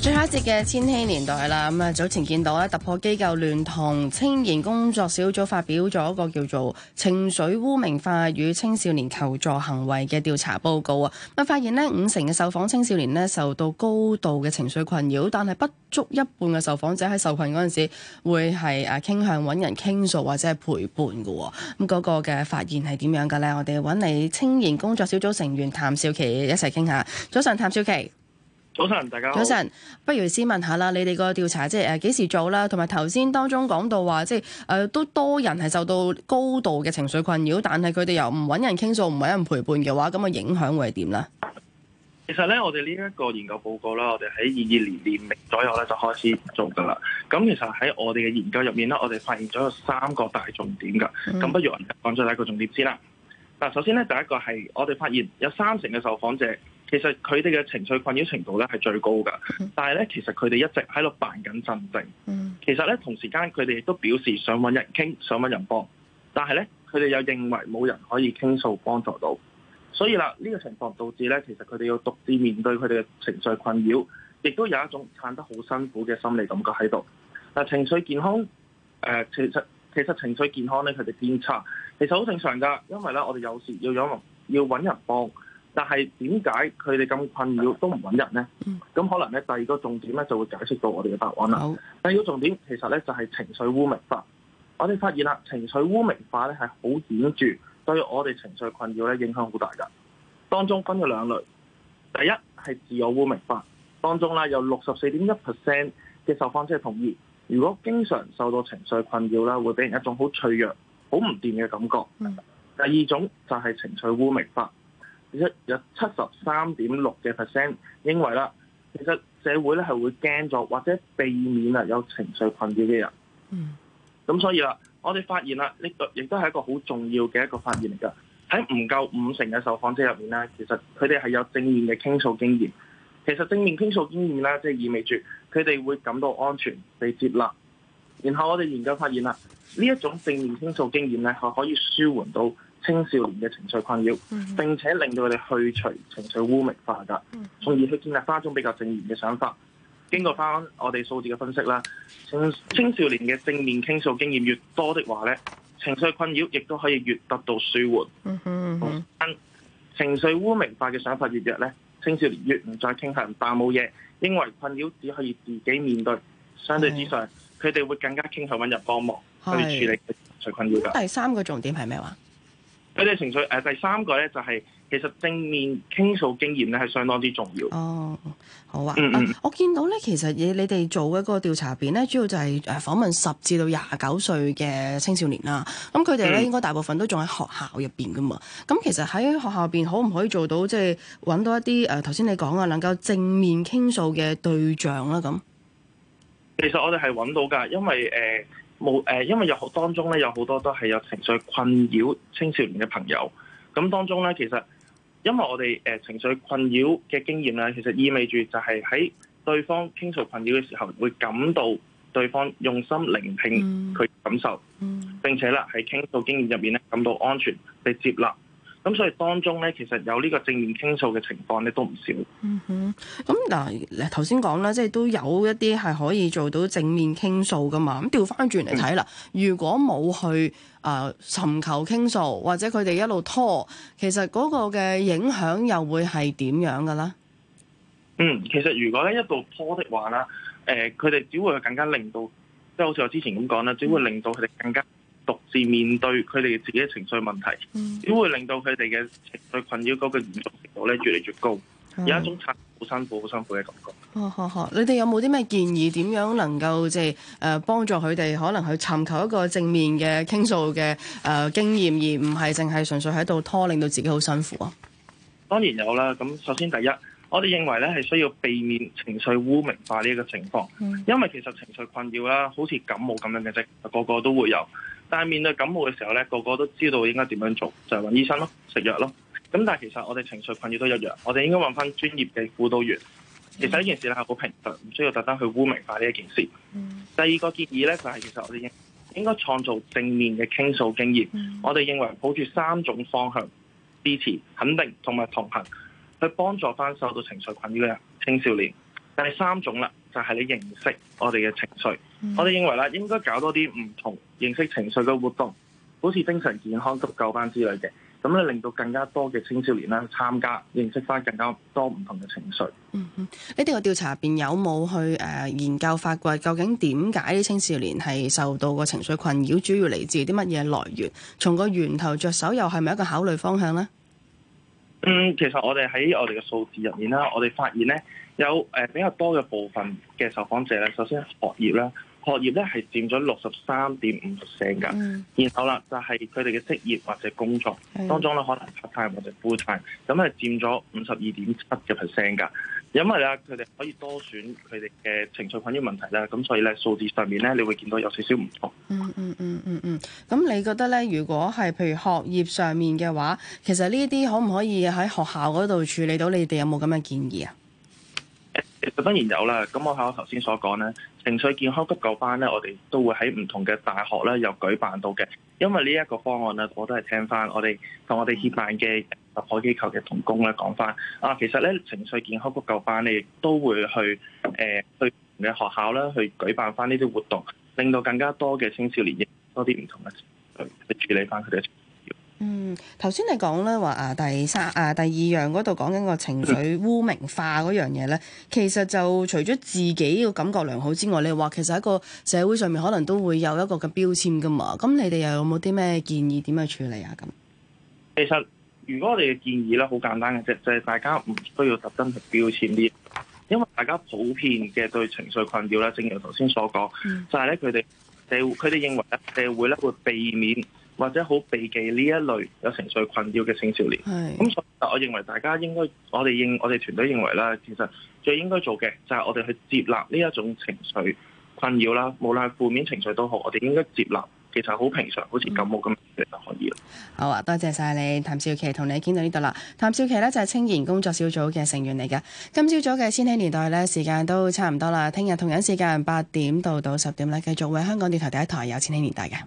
最後一節嘅千禧年代啦，咁啊早前見到咧，突破機構聯同菁研工作小組發表咗一個叫做情緒污名化與青少年求助行為嘅調查報告啊，咁發現咧，五成嘅受訪青少年咧受到高度嘅情緒困擾，但係不足一半嘅受訪者喺受困嗰陣時會係誒傾向揾人傾訴或者係陪伴嘅，咁、那、嗰個嘅發現係點樣嘅咧？我哋揾嚟菁研工作小組成員譚兆褀一齊傾下。早上，譚兆褀。早晨，大家好。早晨。不如先問下啦，你哋個調查即係誒幾時做啦？同埋頭先當中講到話，即係誒、呃、都多人係受到高度嘅情緒困擾，但係佢哋又唔揾人傾訴，唔揾人陪伴嘅話，咁嘅影響會係點咧？其實咧，我哋呢一個研究報告啦，我哋喺二二年年尾左右咧就開始做噶啦。咁其實喺我哋嘅研究入面咧，我哋發現咗有三個大重點噶。咁不如我哋講咗第一個重點先啦。嗱，首先咧，第一個係我哋發現有三成嘅受訪者。其實佢哋嘅情緒困擾程度咧係最高嘅，但係咧其實佢哋一直喺度扮緊鎮靜。其實咧同時間佢哋亦都表示想揾人傾，想揾人幫，但係咧佢哋又認為冇人可以傾訴幫助到，所以啦呢、這個情況導致咧，其實佢哋要獨自面對佢哋嘅情緒困擾，亦都有一種撐得好辛苦嘅心理感覺喺度。嗱、呃、情緒健康，誒、呃、其實其實情緒健康咧佢哋變差，其實好正常㗎，因為咧我哋有時要揾要揾人幫。但係點解佢哋咁困擾都唔揾人呢？咁可能咧，第二個重點咧就會解釋到我哋嘅答案啦。好第二個重點其實咧就係情緒污名化。我哋發現啦，情緒污名化咧係好顯著，對我哋情緒困擾咧影響好大㗎。當中分咗兩類，第一係自我污名化，當中咧有六十四點一 percent 嘅受訪者同意，如果經常受到情緒困擾啦，會俾人一種好脆弱、好唔掂嘅感覺。嗯、第二種就係情緒污名化。其實有七十三點六嘅 percent 因為啦，其實社會咧係會驚咗或者避免啊有情緒困擾嘅人。嗯，咁所以啦，我哋發現啦，呢個亦都係一個好重要嘅一個發現嚟噶。喺唔夠五成嘅受訪者入面咧，其實佢哋係有正面嘅傾訴經驗。其實正面傾訴經驗咧，即係意味住佢哋會感到安全被接納。然後我哋研究發現啦，呢一種正面傾訴經驗咧，係可以舒緩到青少年嘅情緒困擾，並且令到佢哋去除情緒污名化㗎，從而去建立花中比較正面嘅想法。經過翻我哋數字嘅分析啦，青青少年嘅正面傾訴經驗越多嘅話咧，情緒困擾亦都可以越得到舒緩。嗯哼嗯哼，但情緒污名化嘅想法越弱咧，青少年越唔再傾向扮冇嘢，因為困擾只可以自己面對。相對之上，佢哋是會更加傾向揾人幫忙是去處理情緒困擾㗎。第三個重點係咩話？佢哋情緒誒、呃、第三個咧，就係、是、其實正面傾訴經驗咧，係相當之重要。哦，好啊。嗯嗯啊，我見到咧，其實嘢你哋做一個調查入邊咧，主要就係誒訪問十至到廿九歲嘅青少年啦。咁佢哋咧應該大部分都仲喺學校入邊噶嘛。咁、啊、其實喺學校入邊可唔可以做到即係揾到一啲誒頭先你講啊，能夠正面傾訴嘅對象咧咁？其實我哋係揾到㗎，因為誒。呃冇誒，因為有當中咧，有好多都係有情緒困擾青少年嘅朋友。咁當中咧，其實因為我哋誒情緒困擾嘅經驗咧，其實意味住就係喺對方傾訴困擾嘅時候，會感到對方用心聆聽佢感受，並且啦喺傾訴經驗入面咧，感到安全被接納。咁所以當中咧，其實有呢個正面傾訴嘅情況咧，都唔少。嗯哼，咁嗱，頭先講啦，即係都有一啲係可以做到正面傾訴㗎嘛。咁調返轉嚟睇啦，嗯、如果冇去啊、呃、尋求傾訴，或者佢哋一路拖，其實嗰個嘅影響又會係點樣嘅咧？嗯，其實如果咧一度拖的話啦，誒、呃，佢哋只會更加令到，即係好似我之前咁講啦，只會令到佢哋更加，獨自面對佢哋自己嘅情緒問題，都、嗯、會令到佢哋嘅情緒困擾嗰個嚴重程度咧越嚟越高，嗯、有一種好辛苦、好辛苦嘅感覺。好好好，嗯嗯、你哋有冇啲咩建議，點樣能夠即係誒幫助佢哋可能去尋求一個正面嘅傾訴嘅誒、呃、經驗，而唔係淨係純粹喺度拖，令到自己好辛苦啊？嗯嗯、當然有啦。咁首先第一，我哋認為咧係需要避免情緒污名化呢一個情況，因為其實情緒困擾啦，好似感冒咁樣嘅啫，個個都會有。但係面對感冒嘅時候咧，個個都知道應該點樣做，就係、是、揾醫生咯，食藥咯。咁但係其實我哋情緒困擾都一樣，我哋應該揾翻專業嘅輔導員。其實呢件事咧係好平常，唔需要特登去污名化呢一件事。第二個建議咧就係其實我哋應應該創造正面嘅傾訴經驗。嗯、我哋認為抱住三種方向支持、肯定同埋同行，去幫助翻受到情緒困擾嘅青少年。但第三種啦，就係你認識我哋嘅情緒。我哋認為啦，應該搞多啲唔同認識情緒嘅活動，好似精神健康急救班之類嘅，咁咧令到更加多嘅青少年咧參加，認識翻更加多唔同嘅情緒。嗯嗯，呢、這、啲個調查入邊有冇去誒、呃、研究發掘，究竟點解啲青少年係受到個情緒困擾，主要嚟自啲乜嘢來源？從個源頭着手，又係咪一個考慮方向呢？嗯，其實我哋喺我哋嘅數字入面啦，我哋發現呢。有誒比較多嘅部分嘅受訪者咧，首先學業咧，學業咧係佔咗六十三點五 percent 㗎。嗯、然後啦，就係佢哋嘅職業或者工作的當中咧，可能 part time 或者 full time 咁係佔咗五十二點七嘅 percent 㗎。因為咧，佢哋可以多選佢哋嘅情緒困擾問題咧，咁所以咧數字上面咧，你會見到有少少唔同。嗯嗯嗯嗯嗯，咁你覺得咧，如果係譬如學業上面嘅話，其實呢啲可唔可以喺學校嗰度處理到？你哋有冇咁嘅建議啊？其實當然有啦，咁我喺我頭先所講咧，情緒健康急救班咧，我哋都會喺唔同嘅大學咧又舉辦到嘅，因為呢一個方案咧，我都係聽翻我哋同我哋協辦嘅立海機構嘅同工咧講翻，啊，其實咧情緒健康急救班亦都會去誒，對唔同嘅學校啦，去舉辦翻呢啲活動，令到更加多嘅青少年亦多啲唔同嘅去處理翻佢哋。嗯，頭先你講咧話啊，第三啊，第二樣嗰度講緊個情緒污名化嗰樣嘢咧，嗯、其實就除咗自己嘅感覺良好之外，你話其實喺個社會上面可能都會有一個嘅標籤噶嘛。咁你哋又有冇啲咩建議點樣處理啊？咁其實如果我哋嘅建議咧，好簡單嘅啫，就係、是、大家唔需要特登去標籤啲，因為大家普遍嘅對情緒困擾咧，正如頭先所講，嗯、就係咧佢哋社佢哋認為咧，社會咧會，會，會避免。或者好避忌呢一類有情緒困擾嘅青少年，係咁是、嗯、所以，我認為大家應該，我哋認，我哋團隊認為咧，其實最應該做嘅就係我哋去接納呢一種情緒困擾啦，無論係負面情緒都好，我哋應該接納，其實好平常，好似感冒咁嘅就可以啦。好啊，多謝晒你譚兆褀，同你傾到呢度啦。譚兆褀呢，就係青年工作小組嘅成員嚟㗎。今朝早嘅千禧年代呢，時間都差唔多啦，聽日同樣時間八點到到十點呢，繼續會喺香港電台第一台有千禧年代嘅。